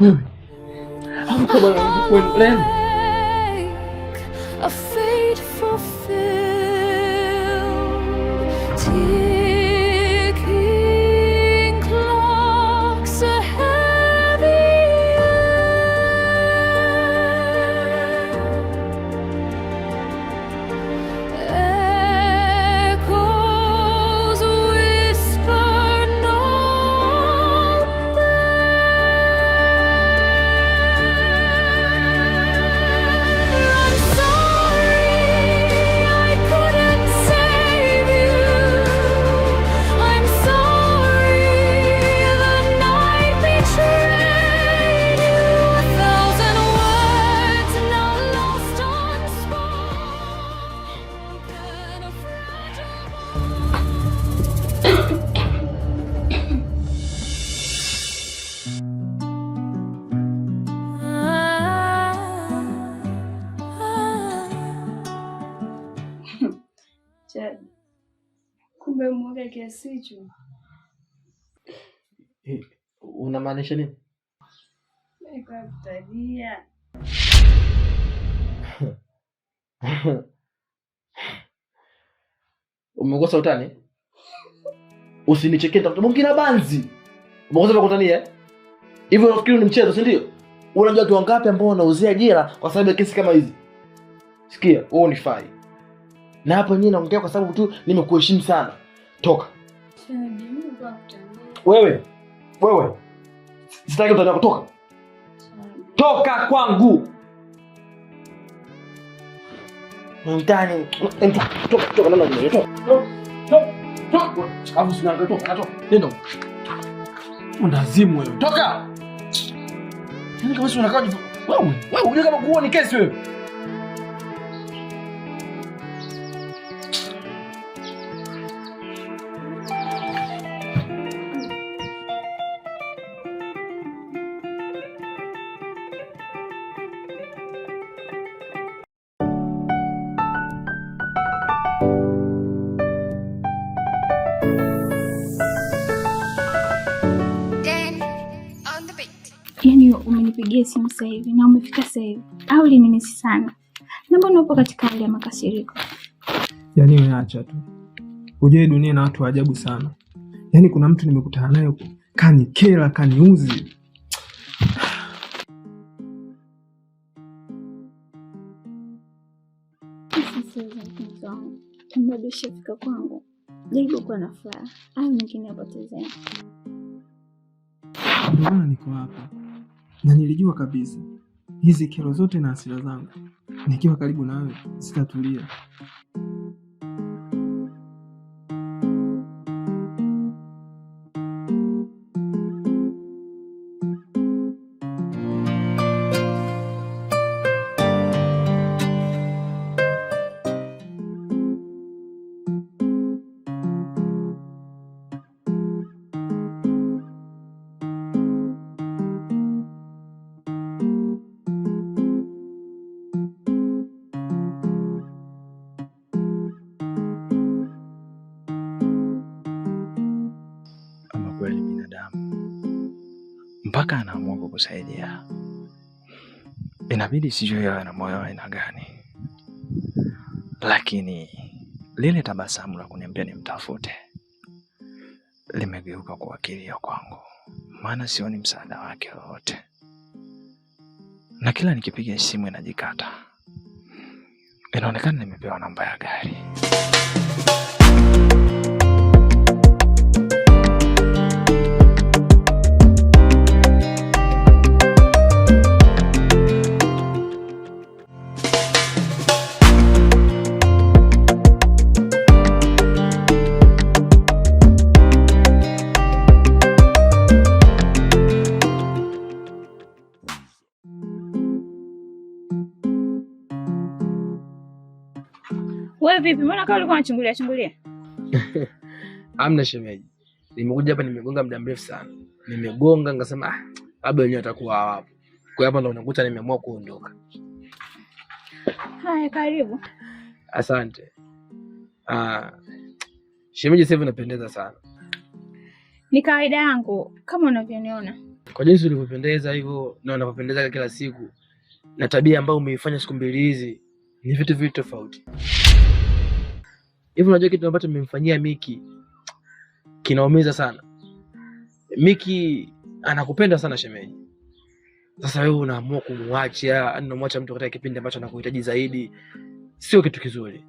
Wewe, hauko bwana kwenda. Kumbe mwaga kiasi hicho, eh, unamaanisha nini? Nikakutajia umekosa utani, usinichekee, tafuta banzi. Umekosa kutania Hivi unafikiri ni mchezo, si ndio? Unajua watu wangapi ambao wanauzia jela kwa sababu ya kesi kama hizi? Sikia, wewe fai Na hapo nyinyi naongea kwa sababu tu nimekuheshimu sana. Toka. Wewe. Wewe. Sitaki mtu kutoka. Toka kwangu. Mtani, toka toka namna hiyo. Toka. Toka. Toka. Afu sinaangalia toka, toka. Nenda. Undazimu wewe. Toka. Mimi yaani kama sio nakaa unakaa wewe, wewe unajua kama kuua ni kesi wewe. nikupigie simu sasa hivi na umefika sasa hivi au linimisi sana? Naomba upo katika hali ya makasiriko. Yaani niacha tu. Ujue dunia na watu ajabu sana. Yaani kuna mtu nimekutana naye kanikera, kaniuzi. Mbadilishafika kwangu, jaribu kuwa na furaha au nyingine apotezea. Ndio maana niko hapa na nilijua kabisa hizi kero zote na hasira zangu nikiwa karibu nawe zitatulia. kukusaidia. Inabidi sijui yawe na moyo aina gani, lakini lile tabasamu la kuniambia nimtafute limegeuka kuwa kilio kwangu, maana sioni msaada wake wowote, na kila nikipiga simu inajikata. Inaonekana nimepewa namba ya gari. vipi? Mbona kama ulikuwa unachungulia chungulia? Amna shemeji. Nimekuja hapa nimegonga muda mrefu sana. Nimegonga ngasema, ah, labda wenyewe watakuwa hawapo. Kwa hapa ndo unakuta nimeamua kuondoka. Haya, karibu. Asante. Ah, shemeji, sasa hivi unapendeza sana. Ni kawaida yangu kama unavyoniona. Kwa jinsi ulivyopendeza hivyo na unapopendeza kila siku na tabia ambayo umeifanya siku mbili hizi ni vitu vitu tofauti hivyo unajua kitu ambacho mmemfanyia Miki kinaumiza sana. Miki anakupenda sana shemeji. Sasa wewe unaamua kumwacha, yaani unamwacha mtu katika kipindi ambacho anakuhitaji zaidi, sio kitu kizuri.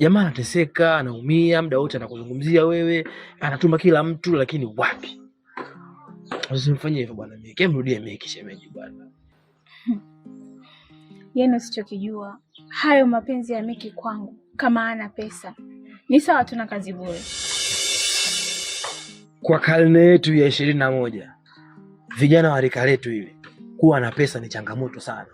Jamaa anateseka, anaumia, muda wote anakuzungumzia wewe, anatuma kila mtu, lakini wapi? Usimfanyie hivyo bwana Miki, mrudie Miki shemeji bwana. Hmm. Yani, usichokijua hayo mapenzi ya Miki kwangu kama ana pesa ni sawa, tuna kazi bure. Kwa karne yetu ya ishirini na moja, vijana wa rika letu ile kuwa na pesa ni changamoto sana.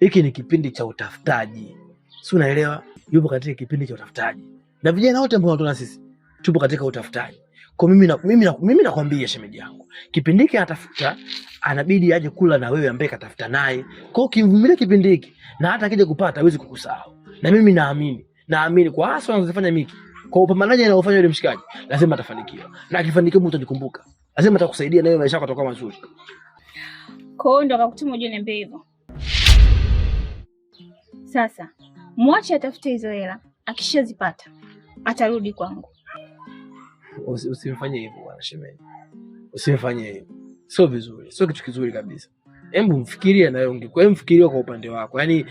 Hiki ni kipindi cha utafutaji, si unaelewa? Yupo katika kipindi cha utafutaji, na vijana wote ambao tunatona sisi tupo katika utafutaji. Kwa mimi na, mimi na, mimi nakwambia shemeji yangu, kipindi hiki anatafuta, anabidi aje kula na wewe ambaye katafuta naye. Kwa hiyo kimvumilia kipindi hiki, na hata akija kupata hawezi kukusahau, na mimi naamini naamini kwa hasa anazofanya Miki, kwa upambanaji anaofanya yule mshikaji, lazima atafanikiwa, na akifanikiwa mtu atakumbuka, lazima atakusaidia na hiyo maisha yako atakuwa mazuri. Kwa hiyo ndo akakutuma ujue niambie hivyo. Sasa mwache atafute hizo hela, akishazipata atarudi kwangu. Usimfanye hivyo bwana shemeji, usimfanye hivyo, sio vizuri, sio kitu kizuri kabisa. Hebu mfikirie na wewe, ungekuwa mfikiria kwa upande wako, yaani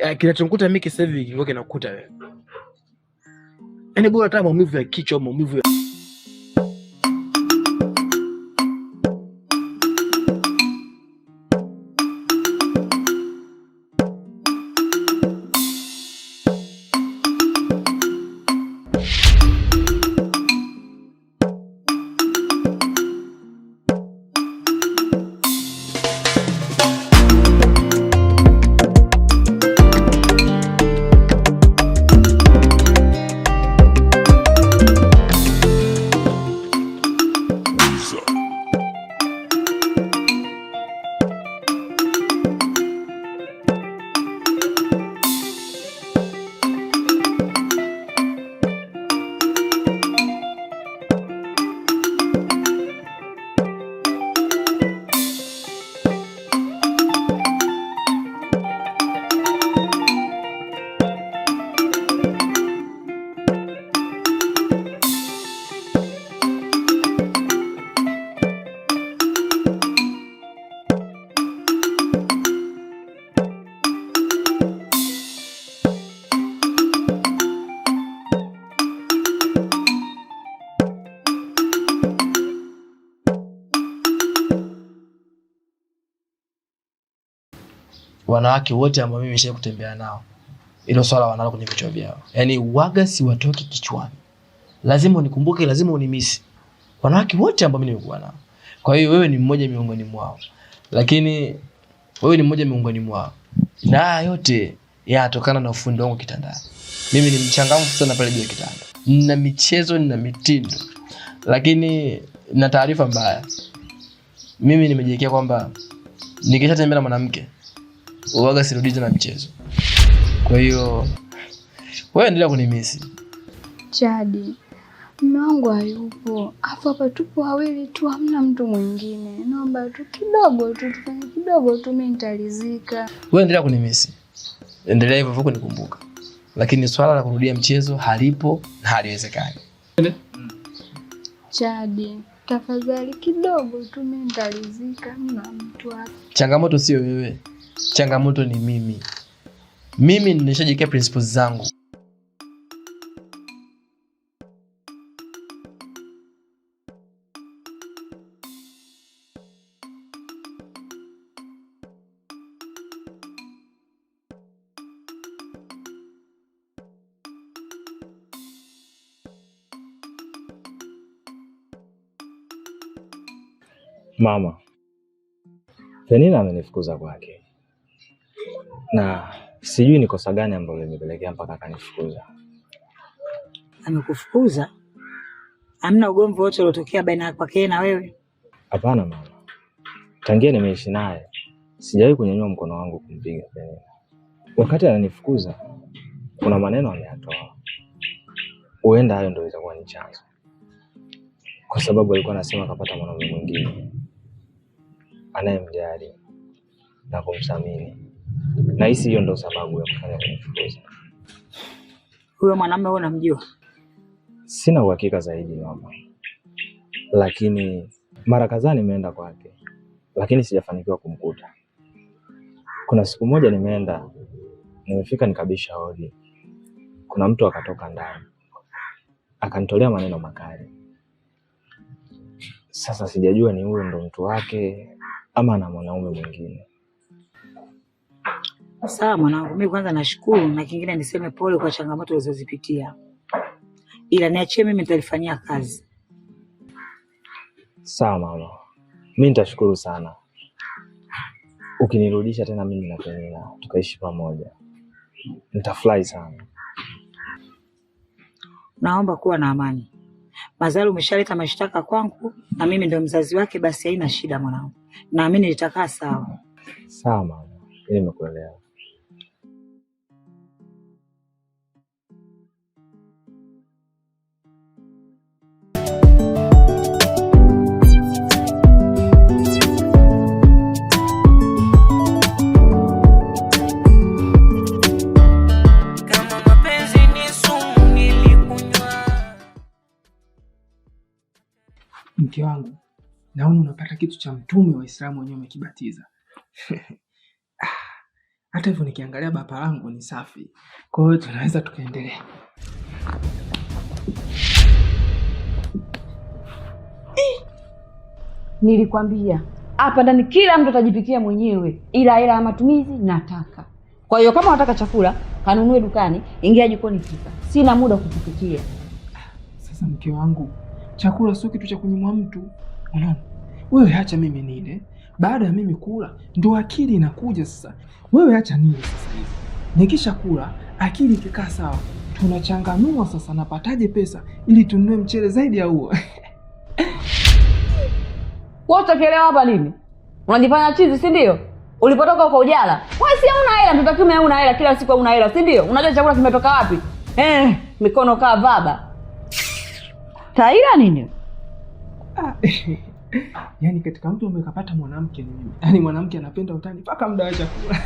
eh, kinachomkuta Miki sasa hivi kinakuta wewe yaani bora hata maumivu ya kichwa maumivu ya wanawake wote ambao mimi nishawahi kutembea nao, ilo swala wanalo kwenye vichwa vyao, yaani waga siwatoki kichwani, lazima unikumbuke, lazima unimisi. Wanawake wote ambao mimi nimekuwa nao, kwa hiyo wewe ni mmoja miongoni mwao, lakini wewe ni mmoja miongoni mwao, na haya yote yanatokana na ufundi wangu kitandani. Mimi ni mchangamfu sana pale juu ya kitanda, nina michezo, nina mitindo, lakini na taarifa mbaya, mimi nimejiwekea kwamba nikishatembea na mwanamke uwaga sirudi tena mchezo. Kwa hiyo wewe endelea kunimisi Chadi. Mume wangu hayupo, afu hapa tupo wawili tu, hamna mtu mwingine. Naomba tu kidogo tu, tufanye kidogo tu, mimi nitalizika. Wewe endelea kunimisi, endelea hivyo hivyo kunikumbuka, lakini swala la kurudia mchezo halipo na haliwezekani. Chadi, tafadhali kidogo tu, mimi nitalizika, hamna mtu hapa. Changamoto sio wewe changamoto ni mimi. Mimi nimeshajiwekea principles zangu. Mama, Penina amenifukuza kwake na sijui ni kosa gani ambalo limepelekea mpaka akanifukuza. Amekufukuza? Hamna ugomvi wote uliotokea baina ya kwake na wewe? Hapana mama, tangia nimeishi naye sijawahi kunyanyua mkono wangu kumpiga Penina. Wakati ananifukuza kuna maneno ameyatoa, huenda hayo ndio itakuwa ni chanzo, kwa sababu alikuwa anasema akapata mwanaume mwingine anayemjali na kumthamini. Nahisi hiyo ndo sababu ya kufanya kunifukuza. Huyo mwanamume wewe unamjua? Sina uhakika zaidi mama, lakini mara kadhaa nimeenda kwake, lakini sijafanikiwa kumkuta. Kuna siku moja nimeenda, nimefika nikabisha hodi, kuna mtu akatoka ndani akanitolea maneno makali. Sasa sijajua ni huyo ndo mtu wake ama na mwanaume mwingine Sawa mwanangu, mimi kwanza nashukuru, na kingine niseme pole kwa changamoto ulizozipitia, ila niachie mimi, nitalifanyia kazi. Sawa mama, mimi nitashukuru sana ukinirudisha tena mimi na Penina tukaishi pamoja, nitafurahi sana. Naomba kuwa na amani. Mazali umeshaleta mashtaka kwangu na mimi ndo mzazi wake, basi haina shida mwanangu, naamini litakaa sawa. Sawa mama, nimekuelewa. naona unapata kitu cha mtume Uislamu wenyewe umekibatiza. Ah, hata hivyo nikiangalia bapa langu ni safi, kwa hiyo tunaweza tukaendelea. Eh, nilikwambia hapa ndani kila mtu atajipikia mwenyewe, ila hela ya matumizi nataka. Kwa hiyo kama unataka chakula kanunue dukani, ingia jikoni, pika. Sina muda kukupikia. Ah, sasa mke wangu, chakula sio kitu cha kunyimwa mtu. Unaona? Wewe acha mimi nile. Baada ya mimi kula ndo akili inakuja sasa. Wewe acha nile sasa hivi. Nikisha kula akili ikikaa sawa, tunachanganua sasa, napataje pesa ili tununue mchele zaidi ya huo. Wewe utakelewa hapa nini? Unajifanya chizi, si ndio? Ulipotoka kwa ujala. Wewe si una hela, mtoto kiume una hela, kila siku una hela, si ndio? Unajua chakula kimetoka wapi? Eh, mikono kaa baba. Taira nini? Yaani katika mtu umekapata mwanamke nini? Yaani mwanamke anapenda utani mpaka muda wa chakula.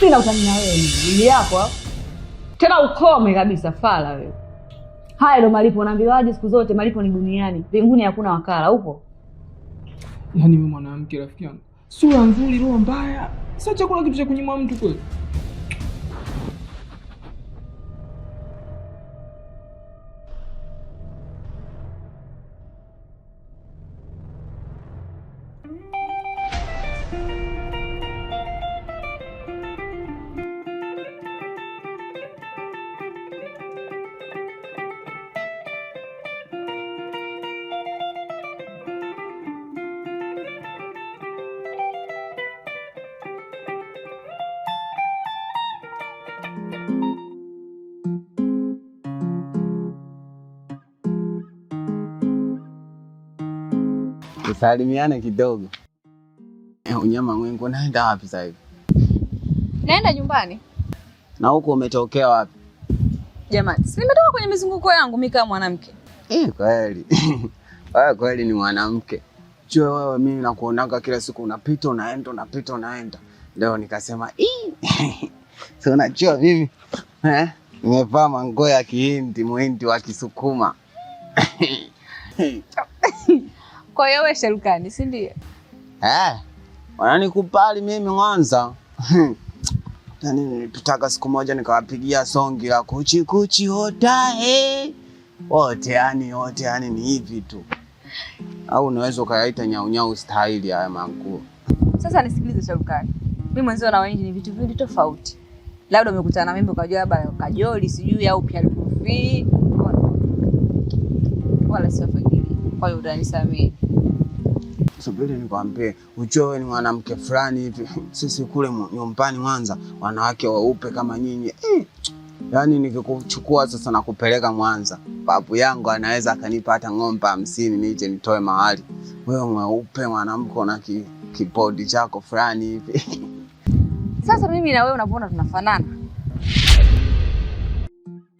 Sina utani na wewe mimi. Yako tena ukome kabisa fala wewe. Haya ndo malipo unaambiwaje siku zote malipo ni duniani. Mbinguni hakuna wakala huko. Yaani mimi mwanamke rafiki yangu. Sura nzuri roho mbaya. Sio chakula kitu cha kunyimwa mtu kweli. Tusalimiane kidogo. Eh, unyama mwengu, naenda wapi sasa hivi? Naenda nyumbani. Na huko umetokea wapi? Jamani, si nimetoka kwenye mizunguko yangu mimi kama mwanamke. Eh, kweli. Wewe kweli ni mwanamke. Jua wewe, mimi nakuonaga kila siku unapita unaenda unapita unaenda. Leo nikasema eh. So unajua mimi. Eh? Nimevaa mango ya Kihindi, Muhindi wa Kisukuma. Kwa hiyo wewe Sherukani, si ndio? Eh, wananikupali mimi Mwanza. Yaani nilitaka siku moja nikawapigia songi la kuchi kuchi hota eh. Wote yani wote yani ni hivi tu. Au unaweza ukayaita nyau nyau style haya manguo. Sasa nisikilize Sherukani. Mimi mwenzio na wengi ni vitu viwili tofauti. Labda umekutana na mimi ukajua labda kajoli sijui au pia lukufi. Wala sio fakiri. Kwa hiyo utanisamehe subiri nikwambie, uchoe ni mwanamke fulani hivi. Sisi kule nyumbani Mwanza wanawake weupe kama nyinyi eh. Yani nikikuchukua sasa na kupeleka Mwanza, babu yangu anaweza akanipa hata ng'ombe hamsini nije nitoe mahali. Wewe mweupe mwanamke una kibodi chako fulani hivi. Sasa mimi na wewe unapoona tunafanana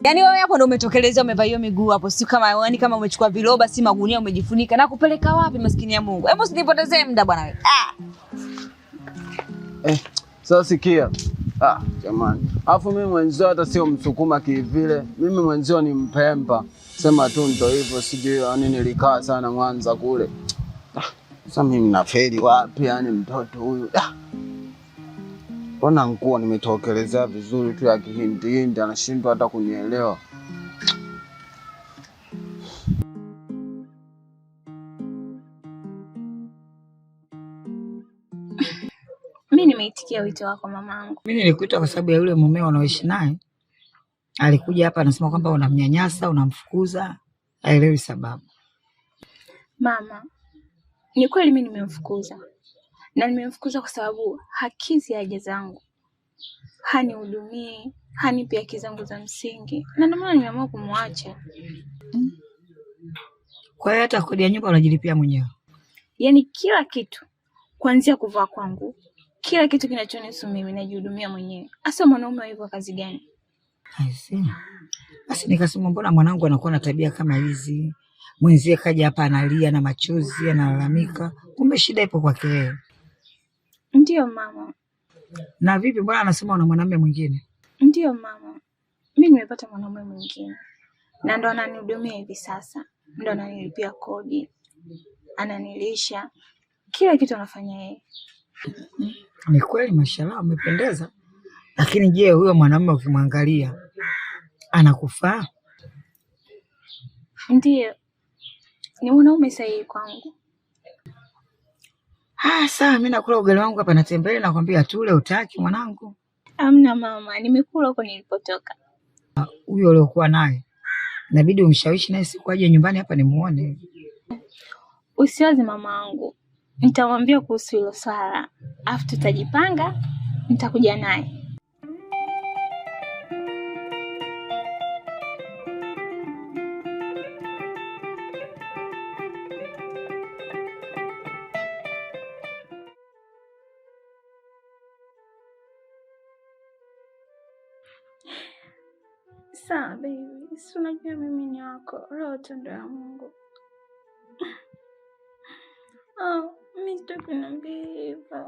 Yaani wewe hapo ndo umetokelezea umevaa hiyo miguu hapo. Si kama yaani kama umechukua viloba si magunia umejifunika na kupeleka wapi maskini ya Mungu. Hebu usinipotezee muda bwana wewe. Ah. Eh, sasa sikia. Ah, jamani. Alafu mimi mwenzio hata sio msukuma kivile. Mimi mwenzio ni Mpemba. Sema tu ndo hivyo sijui yaani nilikaa sana Mwanza kule. Ah, sasa mimi nafeli wapi yaani mtoto huyu. Ah. Mbona nguo nimetokelezea vizuri tu ya kihindihindi, anashindwa hata kunielewa. Mi nimeitikia wito wako mamangu. Mi nilikuita kwa sababu ya yule mumeo unaoishi naye, alikuja hapa anasema kwamba unamnyanyasa, unamfukuza, aelewi sababu. Mama, ni kweli mi nimemfukuza na nimemfukuza kwa sababu hakizi haja zangu, hanihudumii, hanipi haki zangu za msingi, na ndio maana nimeamua kumwacha. Kwa hiyo hata kodi ya nyumba unajilipia mwenyewe? Yaani kila kitu, kuanzia kuvaa kwangu, kila kitu kinachonihusu mimi najihudumia mwenyewe. Hasa mwanaume hivyo kazi gani? Basi nikasema mbona mwanangu anakuwa na tabia kama hizi, mwenzie kaja hapa analia na machozi, analalamika, kumbe shida ipo kwake yeye. Ndiyo mama. Na vipi, mbona anasema una mwanamume mwingine? Ndiyo mama, mi nimepata mwanamume mwingine na ndo ananihudumia hivi sasa, ndo ananilipia kodi, ananilisha, kila kitu anafanya yeye. Ni kweli, mashallah, umependeza. Lakini je, huyo mwanamume ukimwangalia anakufaa? Ndiyo, ni mwanaume sahihi kwangu. Ah, sawa, mi nakula ugali wangu hapa natembele, nakwambia tule. Utaki mwanangu? Amna mama, nimekula huko nilipotoka. Huyo uliokuwa naye inabidi umshawishi naye siku aje nyumbani hapa nimuone. Usiwazi mama wangu, nitamwambia kuhusu hilo swala, afu tutajipanga, nitakuja naye. Yesu, unajua mimi ni wako, roho utendo ya Mungu. Oh, mi sitaki niambie hivyo.